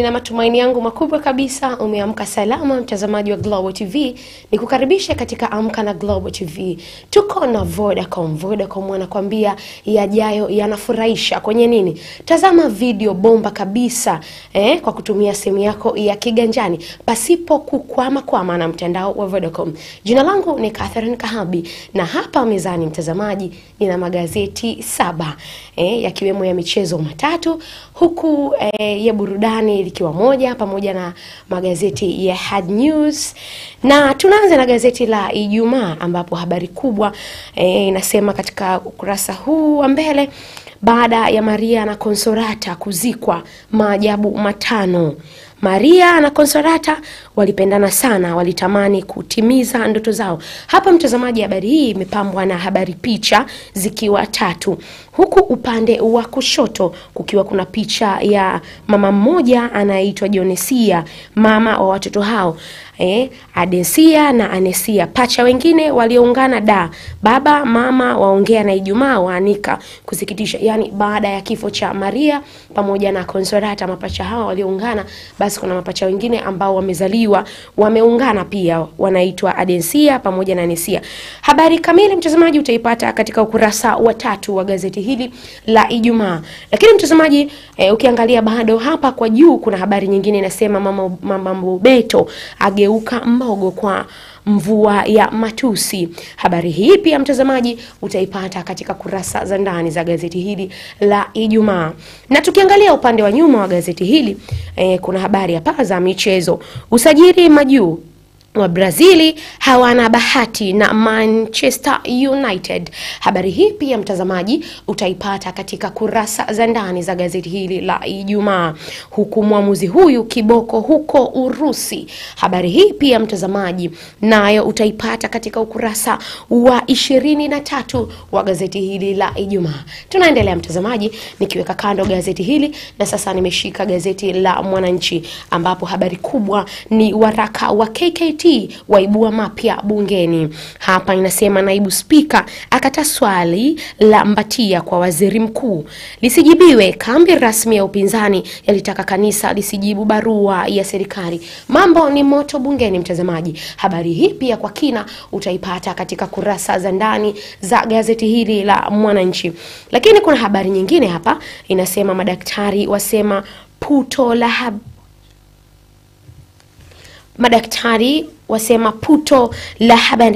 Nina matumaini yangu makubwa kabisa umeamka salama, mtazamaji wa Global TV. Nikukaribisha katika Amka na Global TV. Tuko na Vodacom. Vodacom wanakuambia yajayo yanafurahisha kwenye nini? Tazama video bomba kabisa eh, kwa kutumia simu yako ya kiganjani pasipo kukwama kwama na mtandao wa Vodacom. Jina langu ni Catherine Kahabi na hapa mezani, mtazamaji, nina magazeti saba eh, yakiwemo ya michezo matatu huku eh, ya burudani likiwa moja pamoja na magazeti ya Hard News, na tunaanza na gazeti la Ijumaa ambapo habari kubwa e, inasema katika ukurasa huu wa mbele, baada ya Maria na Consolata kuzikwa, maajabu matano. Maria na Consolata walipendana sana, walitamani kutimiza ndoto zao. Hapa mtazamaji, habari hii imepambwa na habari picha zikiwa tatu huku upande wa kushoto kukiwa kuna picha ya mama mmoja anayeitwa Jonesia, mama wa watoto hao eh, Adesia na Anesia. Pacha wengine walioungana da baba mama waongea na Ijumaa waanika kusikitisha, yani baada ya kifo cha Maria pamoja na Consolata, mapacha hao walioungana, basi kuna mapacha wengine ambao wamezaliwa wameungana pia, wanaitwa Adesia pamoja na Anesia. Habari kamili, mtazamaji, utaipata katika ukurasa wa tatu wa gazeti hii hili la Ijumaa. Lakini mtazamaji e, ukiangalia bado hapa kwa juu kuna habari nyingine inasema mama, mama Mbobeto ageuka mbogo kwa mvua ya matusi. Habari hii pia mtazamaji utaipata katika kurasa za ndani za gazeti hili la Ijumaa. Na tukiangalia upande wa nyuma wa gazeti hili e, kuna habari hapa za michezo. Usajili majuu wa Brazili hawana bahati na Manchester United. Habari hii pia mtazamaji utaipata katika kurasa za ndani za gazeti hili la Ijumaa, huku mwamuzi huyu kiboko huko Urusi. Habari hii pia mtazamaji nayo utaipata katika ukurasa wa ishirini na tatu wa gazeti hili la Ijumaa. Tunaendelea mtazamaji, nikiweka kando gazeti hili na sasa nimeshika gazeti la Mwananchi ambapo habari kubwa ni waraka wa KKT ACT waibua mapya bungeni. Hapa inasema naibu spika akata swali la Mbatia kwa waziri mkuu lisijibiwe. Kambi rasmi ya upinzani yalitaka kanisa lisijibu barua ya serikali. Mambo ni moto bungeni, mtazamaji. Habari hii pia kwa kina utaipata katika kurasa za ndani za gazeti hili la Mwananchi. Lakini kuna habari nyingine hapa inasema madaktari wasema puto la madaktari wasema puto la Haba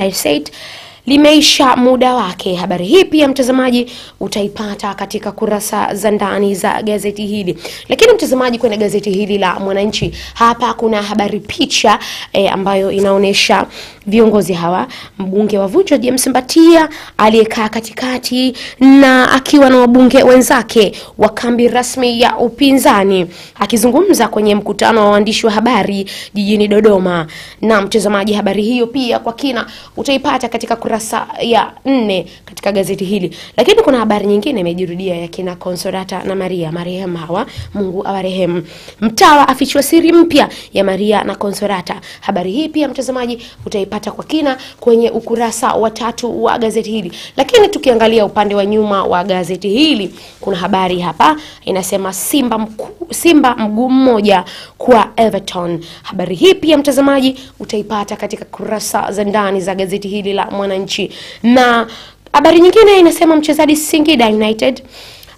limeisha muda wake. Habari hii pia mtazamaji utaipata katika kurasa za ndani za gazeti hili. Lakini mtazamaji, kwenye gazeti hili la Mwananchi hapa kuna habari picha e, ambayo inaonyesha viongozi hawa, mbunge wa Vunjo James Mbatia aliyekaa katikati na akiwa na wabunge wenzake wa kambi rasmi ya upinzani akizungumza kwenye mkutano wa waandishi wa habari jijini Dodoma. Na mtazamaji, habari hiyo pia kwa kina utaipata katika kurasa kurasa ya nne katika gazeti hili. Lakini kuna habari nyingine imejirudia ya kina Consolata na Maria marehemu, hawa Mungu awarehemu. Mtawa afichua siri mpya ya Maria na Consolata. Habari hii pia mtazamaji utaipata kwa kina kwenye ukurasa wa tatu wa gazeti hili. Lakini tukiangalia upande wa nyuma wa gazeti hili kuna habari hapa inasema Simba mku, Simba mguu mmoja kwa Everton. Habari hii pia mtazamaji utaipata katika kurasa za ndani za gazeti hili la Mwananchi nchi. Na habari nyingine inasema mchezaji Singida United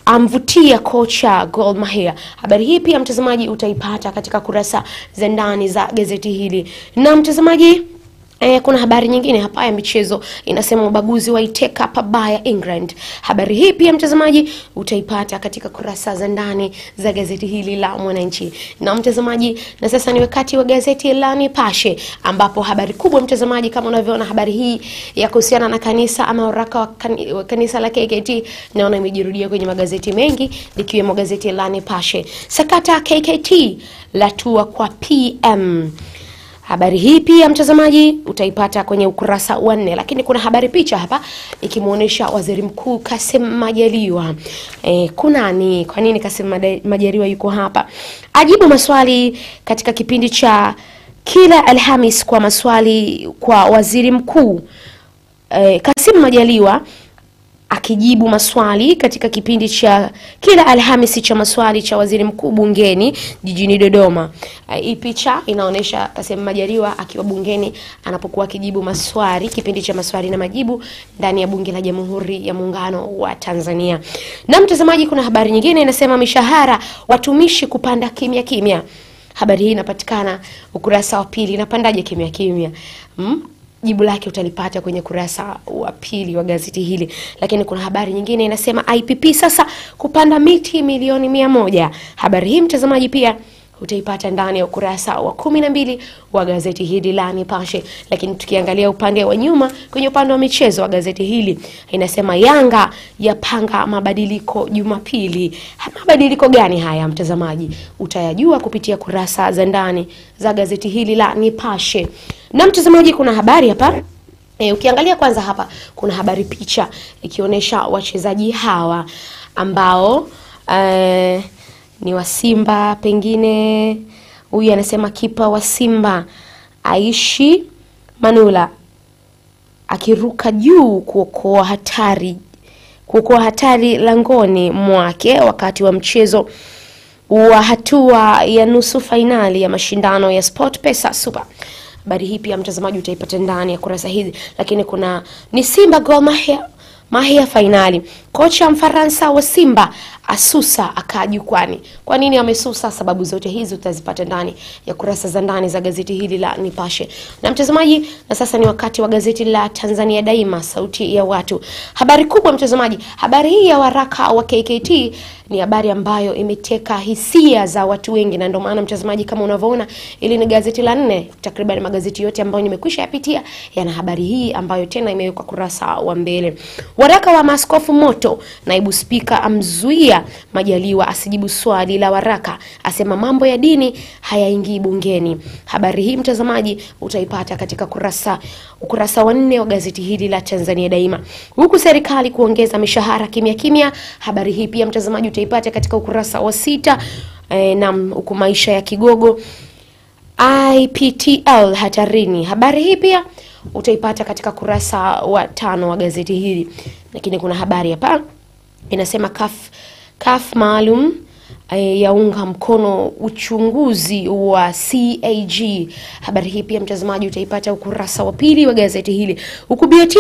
amvutia kocha Gor Mahia. Habari hii pia mtazamaji utaipata katika kurasa za ndani za gazeti hili. Na mtazamaji E, kuna habari nyingine hapa ya michezo inasema ubaguzi waiteka pabaya England. Habari hii pia mtazamaji utaipata katika kurasa za ndani za gazeti hili la Mwananchi. Na mtazamaji, na sasa ni wakati wa gazeti la Nipashe ambapo habari kubwa mtazamaji, kama unavyoona habari hii ya kuhusiana na kanisa ama waraka wa kanisa, kanisa la KKT naona imejirudia kwenye magazeti mengi likiwemo gazeti la Nipashe. Sakata KKT latua kwa PM. Habari hii pia mtazamaji utaipata kwenye ukurasa wa nne, lakini kuna habari picha hapa ikimwonyesha Waziri Mkuu Kassim Majaliwa. E, kuna ni kwa nini Kassim Majaliwa yuko hapa? Ajibu maswali katika kipindi cha kila Alhamis kwa maswali kwa Waziri Mkuu e, Kassim Majaliwa akijibu maswali katika kipindi cha kila Alhamisi cha maswali cha waziri mkuu bungeni jijini Dodoma. Eh, hii uh, picha inaonyesha Kassim Majaliwa akiwa bungeni anapokuwa akijibu maswali, kipindi cha maswali na majibu ndani ya bunge la Jamhuri ya Muungano wa Tanzania. Na mtazamaji, kuna habari nyingine inasema mishahara watumishi kupanda kimya kimya. Habari hii inapatikana ukurasa wa pili. Inapandaje kimya kimya? hmm? jibu lake utalipata kwenye kurasa wa pili wa gazeti hili. Lakini kuna habari nyingine inasema IPP sasa kupanda miti milioni mia moja. Habari hii mtazamaji pia utaipata ndani ya ukurasa wa kumi na mbili wa gazeti hili la Nipashe. Lakini tukiangalia upande wa nyuma, kwenye upande wa michezo wa gazeti hili inasema Yanga yapanga mabadiliko Jumapili. Mabadiliko gani haya, mtazamaji? Utayajua kupitia kurasa za ndani za gazeti hili la Nipashe. Na mtazamaji, kuna habari hapa E, ukiangalia kwanza hapa kuna habari picha ikionyesha wachezaji hawa ambao e, ni wa Simba, pengine huyu anasema kipa wa Simba Aishi Manula akiruka juu kuokoa hatari kuokoa hatari langoni mwake wakati wa mchezo wa hatua ya nusu fainali ya mashindano ya Pesa Super. Habari hii pia mtazamaji utaipata ndani ya kurasa hizi, lakini kuna ni Simba Gor Mahia mahia fainali. Kocha Mfaransa wa Simba asusa akaa jukwani. Kwa nini amesusa? Sababu zote hizi utazipata ndani ya kurasa za ndani za gazeti hili la Nipashe. Na mtazamaji, na sasa ni wakati wa gazeti la Tanzania Daima, sauti ya watu. Habari kubwa mtazamaji, habari hii ya waraka wa KKT ni habari ambayo imeteka hisia za watu wengi, na ndio maana mtazamaji, kama unavyoona, ili ni gazeti la nne. Takriban magazeti yote ambayo nimekwisha yapitia yana habari hii ambayo tena imewekwa kurasa wa mbele. Waraka wa maaskofu moto. Naibu Spika amzuia Majaliwa asijibu swali la waraka, asema mambo ya dini hayaingii bungeni. Habari hii mtazamaji utaipata katika kurasa ukurasa wa nne wa gazeti hili la Tanzania Daima. Huku serikali kuongeza mishahara kimya kimya, habari hii pia mtazamaji utaipata katika ukurasa wa sita. E, na huku maisha ya kigogo IPTL hatarini, habari hii pia utaipata katika kurasa wa tano wa gazeti hili, lakini kuna habari hapa inasema CAF, CAF maalum Eh, yaunga mkono uchunguzi wa CAG. Habari hii pia mtazamaji utaipata ukurasa wa pili wa gazeti hili, huku BOT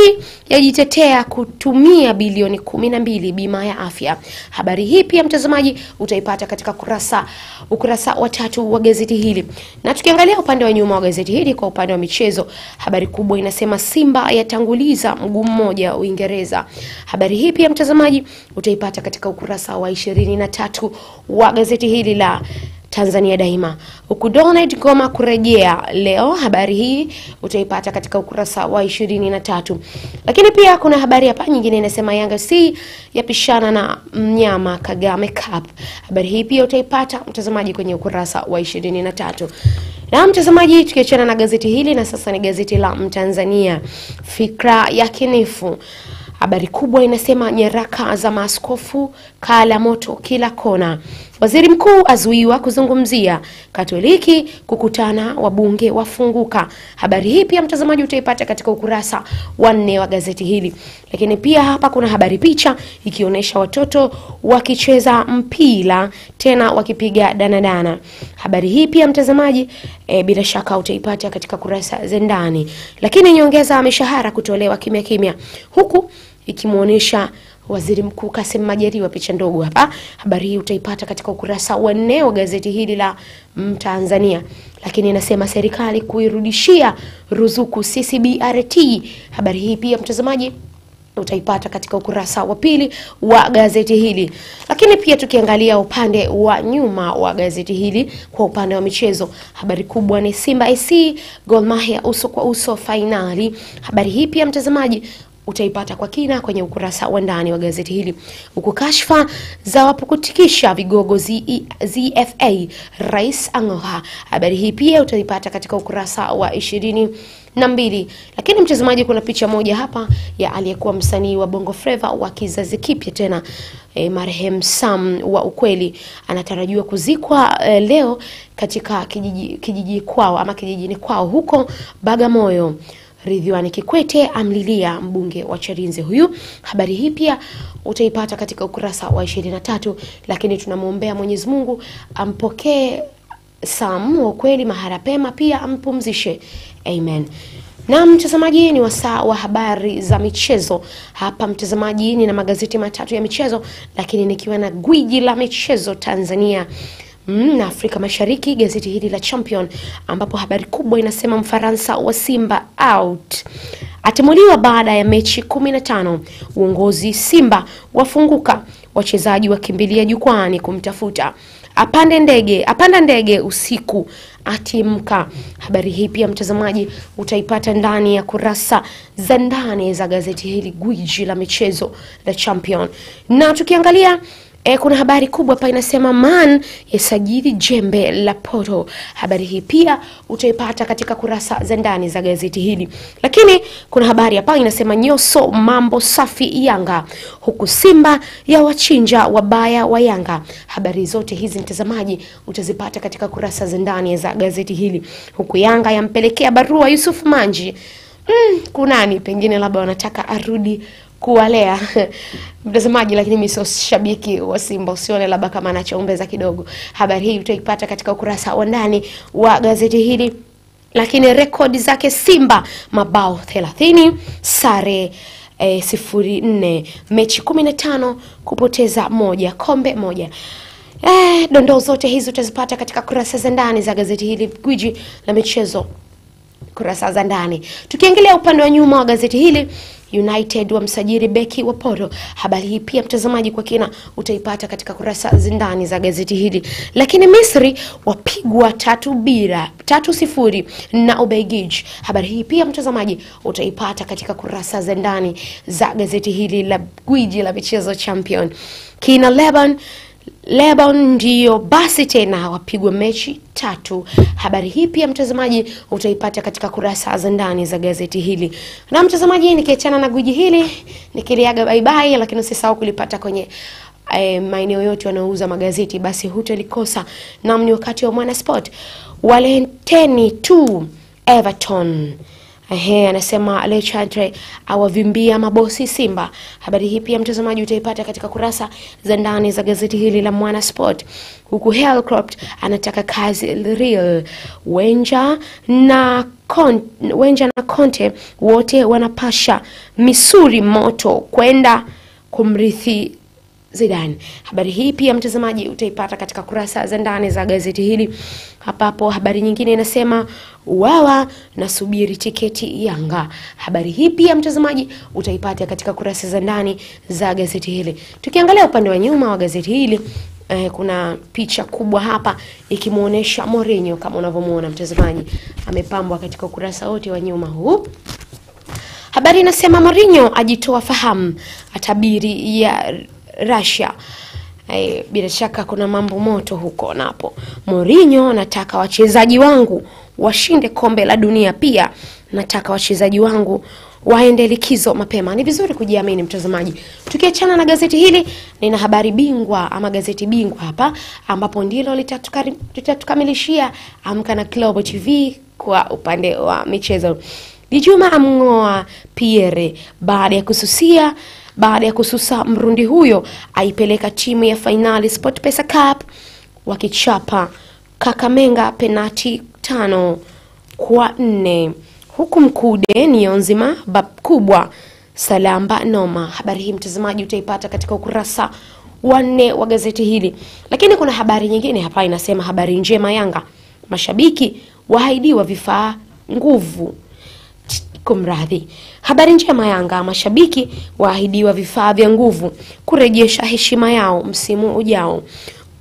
yajitetea kutumia bilioni kumi na mbili bima ya afya. Habari hii pia mtazamaji utaipata katika kurasa, ukurasa wa tatu wa gazeti hili. Na tukiangalia upande wa nyuma wa gazeti hili, kwa upande wa michezo, habari kubwa inasema Simba yatanguliza mguu mmoja Uingereza. Habari hii pia mtazamaji utaipata katika ukurasa wa ishirini na tatu wa gazeti hili la Tanzania Daima. Huku Donald Goma kurejea leo, habari hii utaipata katika ukurasa wa 23. Lakini pia kuna habari hapa nyingine inasema Yanga si yapishana na mnyama Kagame Cup. Habari hii pia utaipata mtazamaji kwenye ukurasa wa 23. Na mtazamaji, tukiachana na gazeti hili na sasa ni gazeti la Mtanzania fikra ya kinifu habari kubwa inasema nyaraka za maaskofu kala moto kila kona. Waziri mkuu azuiwa kuzungumzia Katoliki kukutana wabunge wafunguka. Habari hii pia mtazamaji utaipata katika ukurasa wa nne wa gazeti hili, lakini pia hapa kuna habari picha ikionyesha watoto wakicheza mpira tena wakipiga danadana. Habari hii pia mtazamaji, e, bila shaka utaipata katika kurasa za ndani. Lakini nyongeza mishahara kutolewa kimya kimya, huku ikimwonyesha Waziri Mkuu Kassim Majaliwa. Picha ndogo hapa, habari hii utaipata katika ukurasa wa nne wa gazeti hili la Mtanzania, lakini inasema serikali kuirudishia ruzuku CCBRT. Habari hii pia mtazamaji utaipata katika ukurasa wa pili wa gazeti hili. Lakini pia tukiangalia upande wa nyuma wa gazeti hili, kwa upande wa michezo, habari kubwa ni Simba SC Gor Mahia uso kwa uso fainali. Habari hii pia mtazamaji utaipata kwa kina kwenye ukurasa wa ndani wa gazeti hili, huku kashfa za wapukutikisha vigogo ZFA e, rais ang'oha. Habari hii pia utaipata katika ukurasa wa ishirini na mbili. Lakini mtazamaji, kuna picha moja hapa ya aliyekuwa msanii wa Bongo Flava wa kizazi kipya tena e, marehemu Sam wa Ukweli anatarajiwa kuzikwa e, leo katika kijiji, kijiji kwao ama kijijini kwao huko Bagamoyo. Ridhiwani Kikwete amlilia mbunge wa Charinze huyu. Habari hii pia utaipata katika ukurasa wa 23, lakini tunamwombea Mwenyezi Mungu ampokee Sam wa kweli mahali pema, pia ampumzishe. Amen. Na mtazamaji, ni wasaa wa habari za michezo hapa. Mtazamaji, ni na magazeti matatu ya michezo, lakini nikiwa na gwiji la michezo Tanzania Mm, na Afrika Mashariki, gazeti hili la Champion, ambapo habari kubwa inasema Mfaransa wa Simba out atimuliwa baada ya mechi 15. Uongozi Simba wafunguka, wachezaji wakimbilia jukwani kumtafuta. Apande ndege, apanda ndege usiku atimka. Habari hii pia mtazamaji utaipata ndani ya kurasa za ndani za gazeti hili gwiji la michezo la Champion. Na tukiangalia E, kuna habari kubwa hapa inasema man yasajili jembe la poto. Habari hii pia utaipata katika kurasa za ndani za gazeti hili, lakini kuna habari hapa inasema nyoso mambo safi Yanga, huku Simba ya wachinja wabaya wa Yanga. Habari zote hizi mtazamaji, utazipata katika kurasa za ndani za gazeti hili, huku Yanga yampelekea barua Yusuf Manji. Mm, kunani pengine labda wanataka arudi kuwalea mtazamaji, lakini mimi sio shabiki wa Simba, usione labda kama anachoombeza kidogo. Habari hii utaipata katika ukurasa wa ndani wa gazeti hili, lakini rekodi zake Simba mabao 30 sare e, sifuri nne mechi 15 kupoteza moja kombe moja. Eh, dondoo zote hizi utazipata katika kurasa za ndani za gazeti hili, gwiji la michezo kurasa za ndani. Tukiangalia upande wa nyuma wa gazeti hili United wamsajili beki wa Poro. Habari hii pia mtazamaji, kwa kina utaipata katika kurasa za ndani za gazeti hili. Lakini Misri wapigwa tatu bila tatu sifuri na Ubelgiji. Habari hii pia mtazamaji, utaipata katika kurasa za ndani za gazeti hili la gwiji la michezo Champion. Kina Leban Lebanon ndiyo basi tena wapigwa mechi tatu. Habari hii pia mtazamaji utaipata katika kurasa za ndani za gazeti hili. Na mtazamaji, nikiachana na guji hili nikiliaga bye, lakini usisahau kulipata kwenye eh, maeneo yote wanaouza magazeti, basi hutalikosa Nam ni wakati wa mwana sport. Walenteni tu Everton Ehe, anasema Chantre awavimbia mabosi Simba. Habari hii pia mtazamaji utaipata katika kurasa za ndani za gazeti hili la Mwana Sport, huku Helcroft anataka kazi real Wenja na Conte, Wenja na Conte wote wanapasha misuri moto kwenda kumrithi Zidane. Habari hii pia mtazamaji utaipata katika kurasa za ndani za gazeti hili. Hapapo habari nyingine inasema wawa nasubiri tiketi Yanga. Habari hii pia mtazamaji utaipata katika kurasa za ndani za gazeti hili. Tukiangalia upande wa nyuma wa gazeti hili eh, kuna picha kubwa hapa ikimuonesha Mourinho kama unavyomuona mtazamaji, amepambwa katika ukurasa wote wa nyuma huu. Habari inasema Mourinho ajitoa fahamu, atabiri ya Russia. Hey, bila shaka kuna mambo moto huko napo. Mourinho, nataka wachezaji wangu washinde kombe la dunia, pia nataka wachezaji wangu waende likizo mapema. Ni vizuri kujiamini, mtazamaji. Tukiachana na gazeti hili, nina habari bingwa ama gazeti bingwa hapa, ambapo ndilo litatukamilishia Amka na Global TV kwa upande wa michezo. Dijuma amng'oa Pierre baada ya kususia baada ya kususa Mrundi huyo aipeleka timu ya fainali pesa Cup wakichapa kakamenga penati tano kwa nne huku Mkude Nionzima bab kubwa salamba noma. Habari hii mtazamaji utaipata katika ukurasa wanne wa gazeti hili, lakini kuna habari nyingine hapa inasema habari njema Yanga, mashabiki wahaidiwa vifaa nguvu Kumradhi. Habari njema Yanga, mashabiki waahidiwa vifaa vya nguvu kurejesha heshima yao msimu ujao.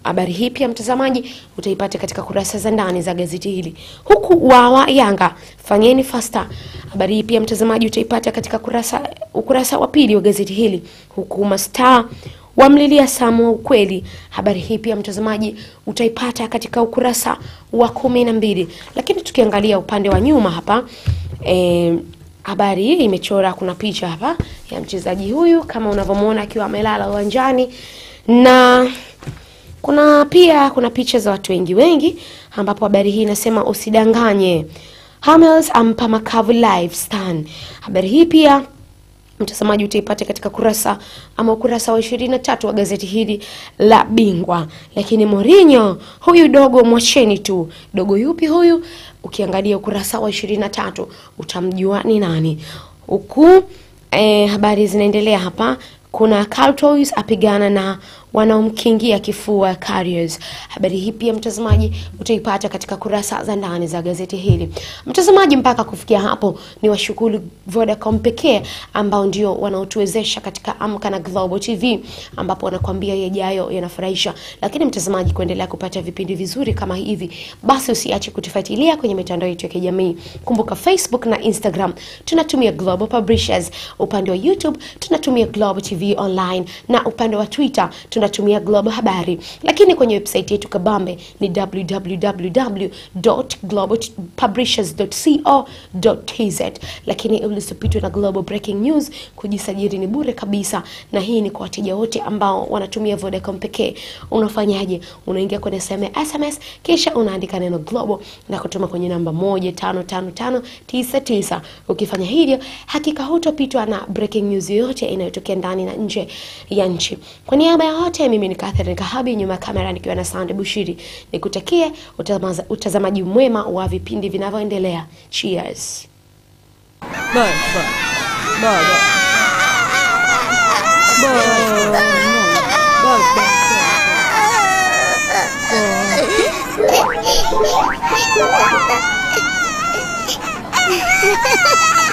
Habari hii pia mtazamaji utaipata katika kurasa za ndani za gazeti hili. Huku wawa Yanga fanyeni fasta. Habari hii pia mtazamaji utaipata katika kurasa, ukurasa wa pili wa gazeti hili. Huku mastaa wamlilia Samu wa ukweli. Habari hii pia mtazamaji utaipata katika ukurasa wa kumi na mbili. Lakini tukiangalia upande wa nyuma hapa eh, Habari hii imechora, kuna picha hapa ya mchezaji huyu kama unavyomuona akiwa amelala uwanjani, na kuna pia kuna picha za watu wengi wengi, ambapo habari hii inasema usidanganye, Hamels ampa makavu live stan. Habari hii pia mtazamaji utaipata katika kurasa ama ukurasa wa 23 wa gazeti hili la Bingwa. Lakini Mourinho huyu dogo mwacheni tu. Dogo yupi huyu? Ukiangalia ukurasa wa 23 utamjua ni nani. Huku eh, habari zinaendelea hapa, kuna Toys apigana na wanaomkingia kifua Carriers. Habari hii pia mtazamaji utaipata katika kurasa za ndani za gazeti hili. Mtazamaji, mpaka kufikia hapo ni washukuru Vodacom pekee ambao ndio wanaotuwezesha katika Amka na Global TV ambapo wanakuambia yajayo yanafurahisha. Lakini mtazamaji, kuendelea kupata vipindi vizuri kama hivi, basi usiache kutufuatilia kwenye mitandao yetu ya kijamii. Kumbuka Facebook na Instagram tunatumia Global Publishers, upande wa YouTube tunatumia Global TV Online na upande wa Twitter tuna unatumia Global Habari, lakini kwenye website yetu kabambe ni www.globalpublishers.co.tz. Lakini usipitwe na Global Breaking News, kujisajili ni bure kabisa, na hii ni kwa wateja wote ambao wanatumia Vodacom pekee. Unafanyaje? Unaingia kwenye sehemu ya SMS, kisha unaandika neno Global na kutuma kwenye namba 155599. Ukifanya hivyo, hakika hutopitwa na breaking news yoyote inayotokea ndani na nje ya nchi. Kwa niaba ya yote, mimi ni Catherine Kahabi, nyuma ya kamera nikiwa na Sande Bushiri, nikutakie utazamaji mwema wa vipindi vinavyoendelea. Cheers. Ha ha ha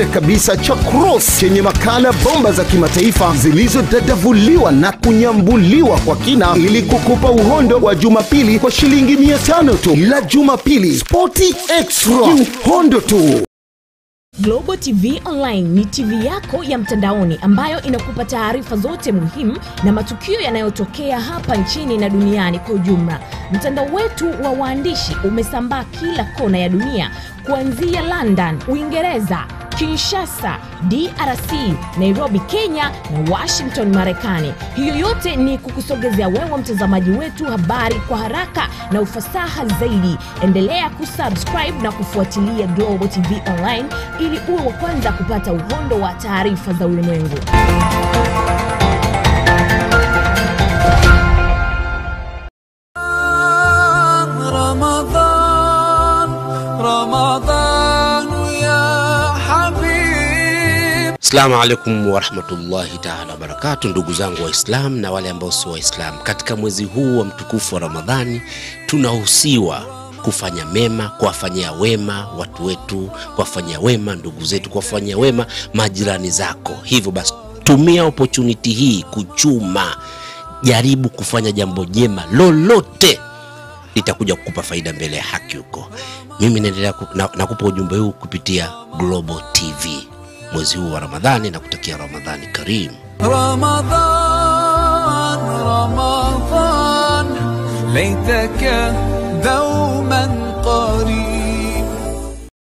bure kabisa cha Cross chenye makala bomba za kimataifa zilizodadavuliwa na kunyambuliwa kwa kina ili kukupa uhondo wa Jumapili kwa shilingi 500 tu. La Jumapili Sporty Extra, uhondo tu. Global TV Online ni TV yako ya mtandaoni ambayo inakupa taarifa zote muhimu na matukio yanayotokea hapa nchini na duniani kwa ujumla. Mtandao wetu wa waandishi umesambaa kila kona ya dunia kuanzia London, Uingereza Kinshasa, DRC, Nairobi, Kenya na Washington, Marekani. Hiyo yote ni kukusogezea wewe mtazamaji wetu habari kwa haraka na ufasaha zaidi. Endelea kusubscribe na kufuatilia Global TV Online ili uwe wa kwanza kupata uhondo wa taarifa za ulimwengu. Assalamu alaikum warahmatullahi taala wabarakatu, ndugu zangu waislam na wale ambao sio waislam katika mwezi huu wa mtukufu wa Ramadhani tunahusiwa kufanya mema, kuwafanyia wema watu wetu, kuwafanyia wema ndugu zetu, kuwafanyia wema majirani zako. Hivyo basi, tumia opportunity hii kuchuma, jaribu kufanya jambo jema lolote litakuja kukupa faida mbele ya haki huko. Mimi naendelea nakupa na ujumbe huu kupitia Global TV. mwezi huu wa Ramadhani na kutakia Ramadhani karimu. Ramadhan, Ramadhan, laitaka dawman qarib.